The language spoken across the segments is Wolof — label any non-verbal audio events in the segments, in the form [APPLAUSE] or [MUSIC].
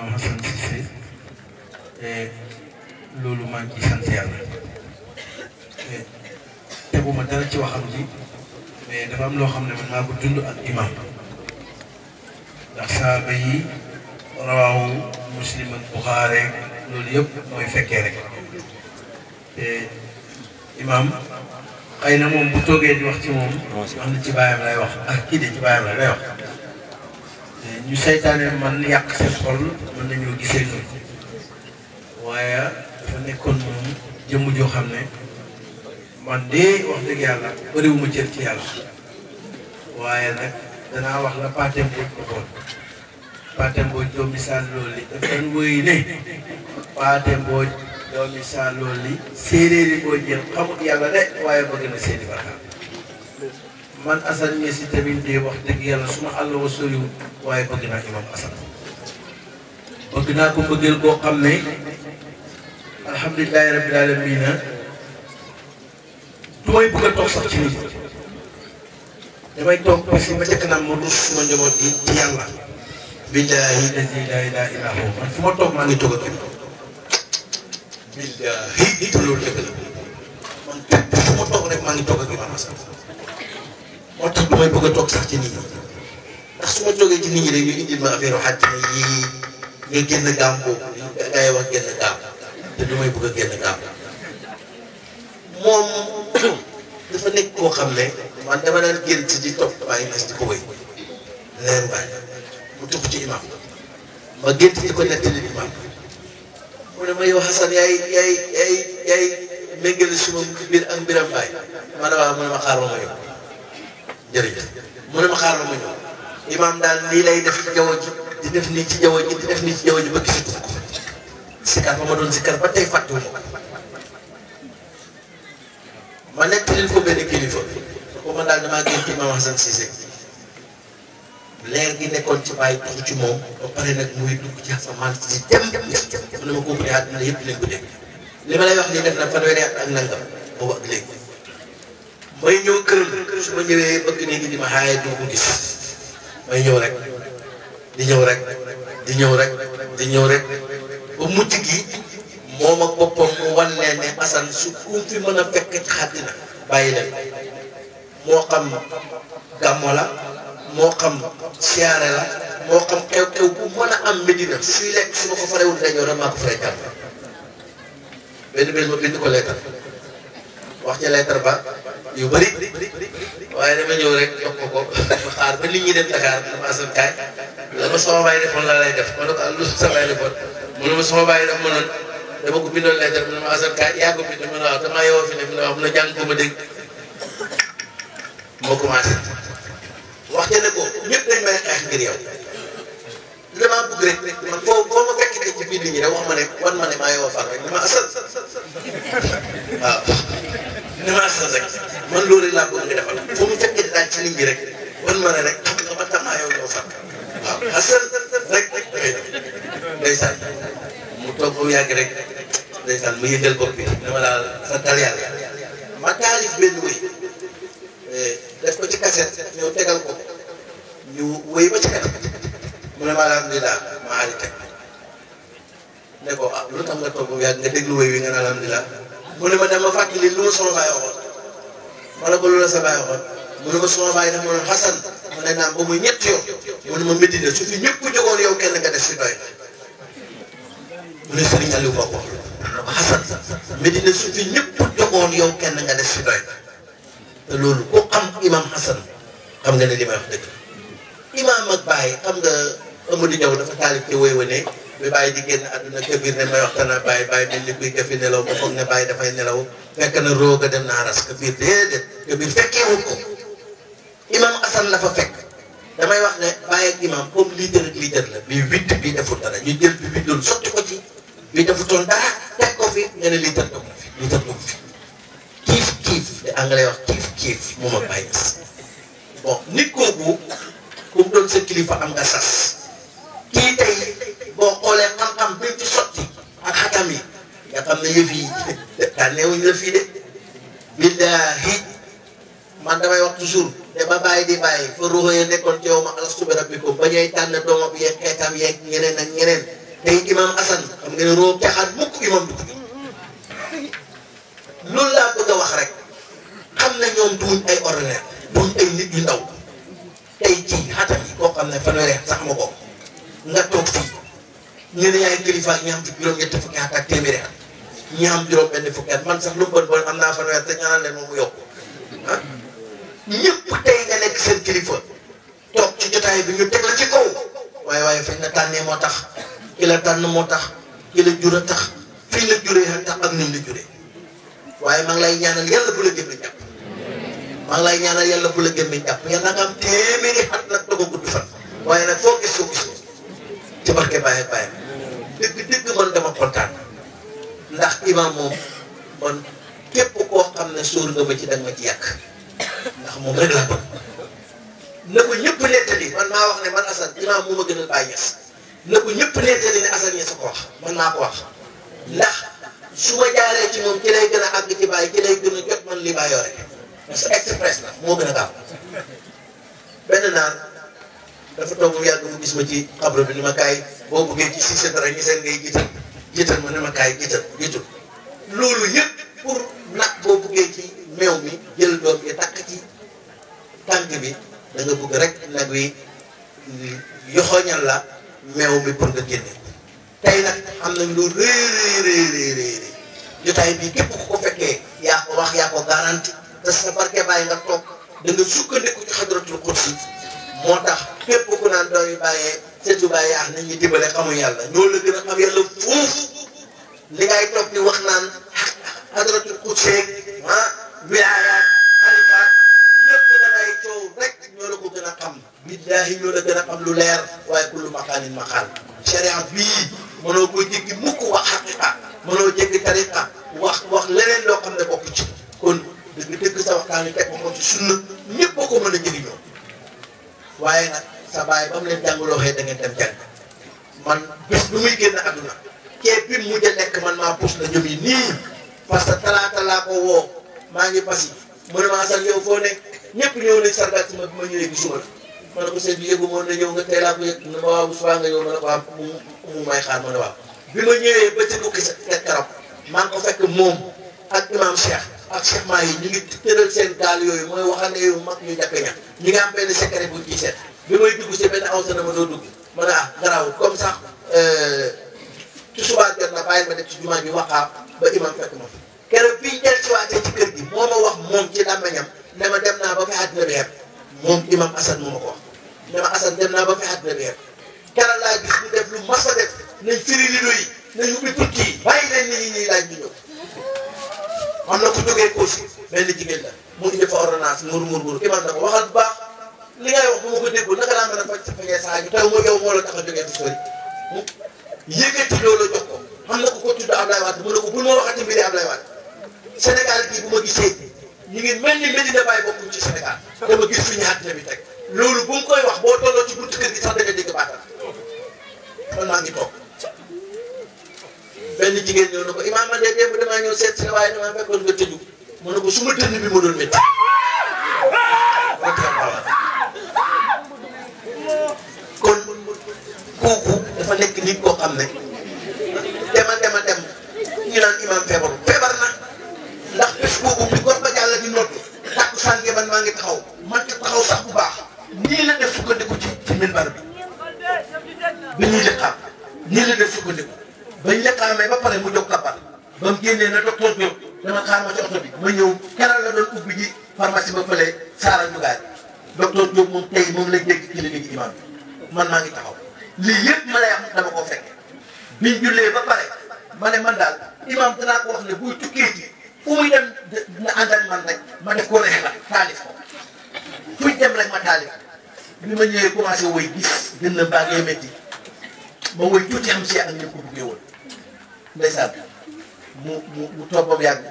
waaw loolu maa ngi ciy sant yàlla eh, teguma dara ci waxam ji mais dafa am loo xam ne man maa ko dund ak imam ndax saaba yi rawaw muslim ak loolu yëpp mooy fekkee rek te imam xëy na moom bu toogee di wax ci moom wax ci baayam lay wax ak kii de ci baayam lay wax ñu seytaane man yàq seen xol mën nañoo gisee ko waaye dafa nekkoon moom jëmm joo xam ne man de wax dëgg yàlla bëriwuma cër ci yàlla waaye nag danaa wax la Pathé Mbodj waxoon Pathé Mbodj doomi Salooli li daf doon wéy ne Pathé Mbodj doomi Salooli li séeréeri Mbodj yéen xamut yàlla de waaye bëgg na seeni barkaam man Assane Niass tamit de wax dëgg yàlla suma àll wa soriwul waaye bëgg naa imam Assane bëgg naa ko bëggeel koo a toog sax ci naa ma rus suma njaboot man fu moo tax damay bëgg a toog sax ci nit ñi toogee ci nit ñi nga génn gaam boobu gaa yi wax génn gaam te du may bëgg a génn gaam moom [COUGHS] dafa nekk koo xam ne man dama daan génn ci di topp bàyyi nas di ko wéy leer bàyyi mu tux ci imam ma génn ci di ko nettali imam mu ne ma yow Xasan yaay yaay yaay yaay méngale suma mbir ak mbiram bàyyi ma ne waaw mu ne ma xaaral ma yow jërëjëf mu ne ma xaaral ma ñëw imaam daal lii lay def ci jaww ji di def nii ci jaww ji def nii ci jaww ji ba gisatu ko sikar ba ma doon sikar ba tey fàttewu ma ma nekk leen ko benn kilifa ko gi nekkoon ci bàyyi tuuti ci moom ba pare nag muy dugg ci asamaan si dem mu ne ma kooku ne àdduna yëpp leen ko dégg li ma lay wax nii def na fanweeri at ak nangam boobu ak léegi may ñëw këram su ma ñëwee bëgg nit ñi di ma xaaye du ko gis may ñëw rek di ñëw rek di ñëw rek di ñëw rek ba moom ak boppam mu wan leen ne asan su um fi mën a fekk ci xàddina bàyyi leen moo xam gàmmo la moo xam siyaare la moo xam xew-xew bu mën a am medina suy lekk su ma ko farewul dañoo rek maa ko faree jàmm benn bés ma bind ko leetar wax ca leetar ba yu bëri waaye dama ñëw rek yokk ko ma xaar ba nit ñi dem Dakar dama asan kaay la ma sama baay defoon laa sa baay defoon mu ne ma sama baay daf ma noonu dama ko bindoon ne ma asan kaay yaa ko bind mu ne waaw damaa yow fi ne mu ne waaw ne jàng ko ma dégg moo commencé wax ja ne ko ñëpp ma fekk ci biir nit ñi rek wax ma ne wan ma ne maa yow far rek dama asal waaw démarche la rek man loolu rek laa bëgg nga defal fu mu fekkee daal ci nit ñi rek wan ma ne rek xam nga man tam yow ñoo fàq waaw xasal rek rek dafay def ndeysaan mu toog ba mu yàgg rek ndeysaan mu yëngal bopp bi dama daal santal yàlla ma taalif benn wéy eh, def ko ci kaset ñëw tegal ko ñu wéy ba ci kanam mu ne maa daal di daal maa di teg ne ko ah lu tax nga toog ba mu yàgg nga déglu wéy wi nga ne alhamdulilah. mu ne ma dama fàttali lu ma sama baay waxoon ma ne ko lu sa baay waxoon mu ma sama baay dafa ma doon xasan mu ne naam ba muy ñett yoon ma Medina su fi ñëpp kenn nga def si doy mu ne Serigne Aliou moo ko wax ma ko xasan Medina su fi ñëpp jógoon yow kenn nga def si doy te loolu ku xam imam xasan xam nga ne li may wax dëgg imaam ak baay xam nga. Amadou Diaw dafa taalif ci wéy wa ne bi bàyyi di génn àdduna këbir ne may waxtaan ak bàyyi bàyyi mel ni nelaw ba foog ne bàyyi dafay nelaw fekk na roog a dem naa ras këbir déedéet këbir fekkee wut imam Assane la fa fekk damay wax ne bàyyi ak imam comme leader ak leader la bii witt bii deful dara bi wittoon sotti ko ci bi defutoon dara teg ko nga ne wax kiif kiif moom ak bàyyi bon nit kooku ku doon sa kilifa am nga sas xam na yëf yi daal neewuñu la fii de billahi man damay wax toujours te ba bàyyi di bàyyi fa ruuxa ya nekkoon ci yow ma alastu bi rabbikum ba ñuy tànn doomam yeeg xeetam yeeg ñeneen ak ñeneen tey imam Assane xam nga ne roo caxaan mukk imam du loolu laa bëgg a wax rek xam na ñoom duñ ay ordinaire duñ nit yu ndaw tey jii xatam yi koo xam ne fanweeri at sax ma ko nga toog fii ñu yaay kilifa ñaam ci juróom-ñett fukki at ak téeméeri ñi am juróom benn fukki at man sax lu bën bën am naa fanweer te ñaanal leen moom mu yokku ah ñëpp tey nga nekk seen kilifa toog ci jotaay bi ñu teg la ci kaw waaye waaye fañ na tànnee moo tax ki tànn moo tax ki la jur a tax fii la juree juree waaye maa lay ñaanal yàlla bu la gémmiñ jàpp maa ngi lay ñaanal yàlla bu la gémmiñ jàpp yàlla nga am téeméeri at nag doog a gudd fan waaye nag foo gis soo gis barke bàyyi bàyyi dëgg dëgg man dama kontaan ndax imam moom man képp koo xam ne sóor nga ma ci danga ma ci yàq ndax moom rek laa bëgg na ko ñëpp nettali man maa wax ne man Assane imam moo ma gën a bàyyi ñes na ko ñëpp nettali ne Assane ko wax man maa ko wax ndax su ma jaaree ci moom ci lay gën a àgg ci bàyyi ci lay gën a jot man li baa yore parce express la moo gën a gaaw benn naan dafa toog yàgg mu gis ma ci xabro bi ni ma kaay boo buggee ci si sa dara ñi seen ngay jëtal ma ne loolu yëpp pour ci meew mi jël doom bi takk bi da nga rek nag wi yoxoñal la meew pour nga génne tey bi képp ku ko fekkee yaa ko wax yaa ko garanti te sa barke bàyyi nga toog da sukkandiku ci xadratul kursi moo tax képp ku naan doy bàyyee sëñ Tuba yaa nañu dimbale xamu yàlla ñoo la gën a xam yàlla foofu li ngay toog di wax naan adratu kuseeg ah, lépp dangay coow rek ko gën a xam. billaahi ñoo la gën a xam lu leer waaye kullu maqaanin maqaal. sharia bii mënoo ko jéggi mukk wax xaqiqa mënoo jéggi tariqa wax wax leneen loo xam ne bokk ci kon dëgg dëgg sa waxtaan wi teg ko sunna ñëpp ko mën a jëriñoo waaye nag. sa baay len jangulo xé da ngeen dem jang man bés bu muy genn aduna ceeb bi mu mujj nek man ma puus na ñoom yi nii parce que talaata laa ko wo ma ngi passi mu ne maa sal yow fo nek ñepp ñew nañ sargal si ma bi ma ñëwee gisuma la ma ko sé bi yëgu mo na ñew nga tey laa ko yëg na ma waaw subaa nga yow na ne ko am mu may xaar mo na waaw bi ma ñëwee ba ci bukki sa karam ma ko fekk mom ak imam cheikh ak cheikh maa yi ñu ngi tëral seen dal yoy moy waxane yu mag ñu jappé ñi nga am benn secret bu ci sét bi may dugg si benn aw sa na ma doo dugg ma ne ah garaawul comme sax euh, ci subaar jot na bàyyi ma def ci jumaa bi waxaab ba imam fekk ma fi keroog bii del si waatee ci kër gi moo ma wax moom ci làmmiñam ne ma dem naa ba fi àddina bi yem moom imam Assane moo ma ko wax ne ma Assane dem naa ba fi àddina bi yem keroog laa gis ñu def lu mas a def nañ firi rido yi nañ ubbi tukki yi bàyyi leen nit ñi ñuy laaj ñu ñëw am na ko jógee Kossy benn jigéen la mu indi fa ordonnance muur muur muur ki man na ko waxal bu baax li ngay wax bu ma ko déggul naka laa mën a faj sa fajee saa ji taw ma yow moo la tax a jógee fu jox ko xam na ko ko tudd Ablaye Wade mu ne ko bul a waxati mbiri Ablaye Wade Sénégal gii bu gisee ñu ngi mel ni Medina Baye bokkuñ ci Sénégal dama gis fi ñaar tamit teg loolu bu mu koy wax boo tolloo ci buntu kër gi sax da nga dégg baatam man maa ngi toog benn jigéen ñëw na ko imaam man de démb damaa ñoo seet si la waaye damaa fekkoon nga tëju mu ne ko su ma dënn kooku dafa nekk nit koo xam ne dema dema dem ñu naan imaam feebaru feebar na ndax bés boobu bi gor ba jàll di noddu tàkku saan man maa ngi taxaw man te taxaw sax bu baax nii la def sukkandiku ci ci minbar bi bi ñuy liqaam nii la def sukkandiku bañ liqaamee ba pare mu jóg kabar ba mu génnee na docteur Diop dama xaar ma ci oto bi ma ñëw keral la doon ubbi ji pharmacie ba fële saaral ñu gaar docteur Diop moom tey moom lañ dégg ci li léegi imaam bi man maa ngi taxaw lii yëpp ma lay am dama ko fekke biñ jullee ba pare ma ne man daal imam danaa ko wax ne buy tukkee fu muy dem na ànd man rek ma def ko rek la taalif ko fuy dem rek ma taalif bi ma ñëwee commencé woy gis gën na mbaa ngay si ak ñu ko buggee woon ndeysaan mu mu mu toog ba mu yàgg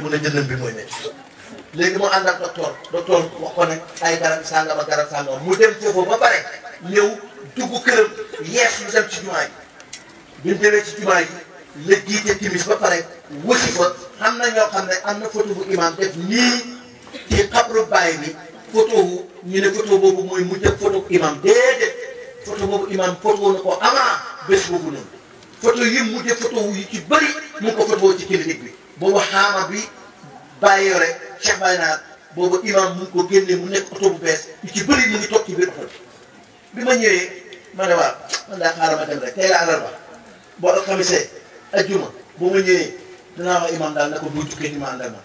mu bi mooy léegi mu ànd ak docteur docteur wax ko ne ay garab sàngam a garab sàngam mu dem foofu ba pare ñëw. dugg këram yees lu dem ci jumaa ji bi demee ci jumaa ji la jiite timis ba pare wuti fa am na ñoo xam ne am na photo bu imam def nii ci xabru bàyyi bi photo wu ñu ne photo boobu mooy mujj ak photo imam déedéet photo boobu imam photo ko avant bés boobu noonu photo yi mujj photo wu yi ci bëri mu ngi ko photo ci clinique bi boobu xaama bi bàyyi yore Cheikh Baye Naar boobu imam mu ngi ko génnee mu nekk oto bu bees yu ci bëri mu ngi toog ci biir oto bi ma ñëwee ma ne waaw man daa xaaral ma dem rek tey la àllarba boo alxamisee ajjuma boo ma ñëwee dinaa ma imam daal ne ko boo jukkee jumaa àndal ma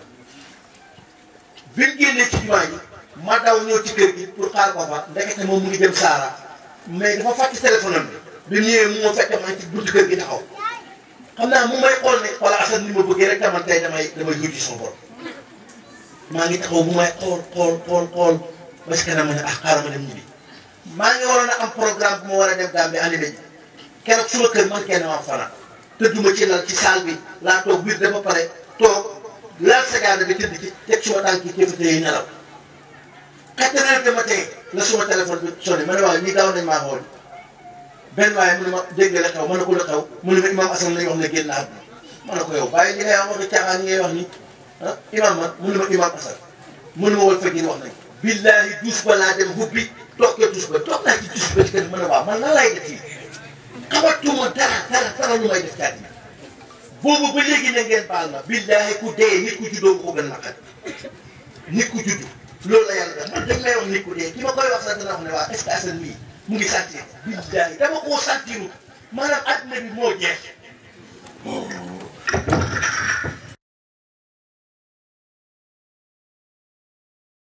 bi génnee ci jumaa ji ma daw kër gi pour xaar ko fa mu ngi mais dafa fàtte téléphone bi bi gi taxaw xam naa mu may xool ne ni ma bëggee rek daman tey damay damay yóbbu sama maa ngi taxaw mu may xool xool xool xool parce que dama ne ah xaaral ma dem ñibbi maa ngi waroon a am programme bu ma war a dem Gambie andi nañu keroog suma kër man kenn wax fanaan tëdduma ci lal ci saal bi laa toog biir dama pare toog laal seconde bi tëdd ci teg suma tànk la suma téléphone bi sonné ma ne waaw daaw nañ maa xool benn waaye mu ne ma dégg la xew ma ne ko la xew mu ne ma imam Assane la ñu wax ne génn naa ma man ah, mu ne ma imam Assane mu ne ma wal fajir wax nañ billaahi duus ba laa dem hubbi toog jot ci suba toog naa ci ci suba ci kër ma ne waaw man nan laay def fii xamatuma dara dara dara ñu may def ci àddina boobu ba léegi ne ngeen baal ma billaahi ku dee nit ku juddoo ko gën naqar nit ku judd loolu la yàlla def man dañ may nit ku dee ki ma koy wax sax dana wax waa est-ce que Assane mu ngi sentir billaahi dama koo sentirul maanaam àddina bi moo jeex.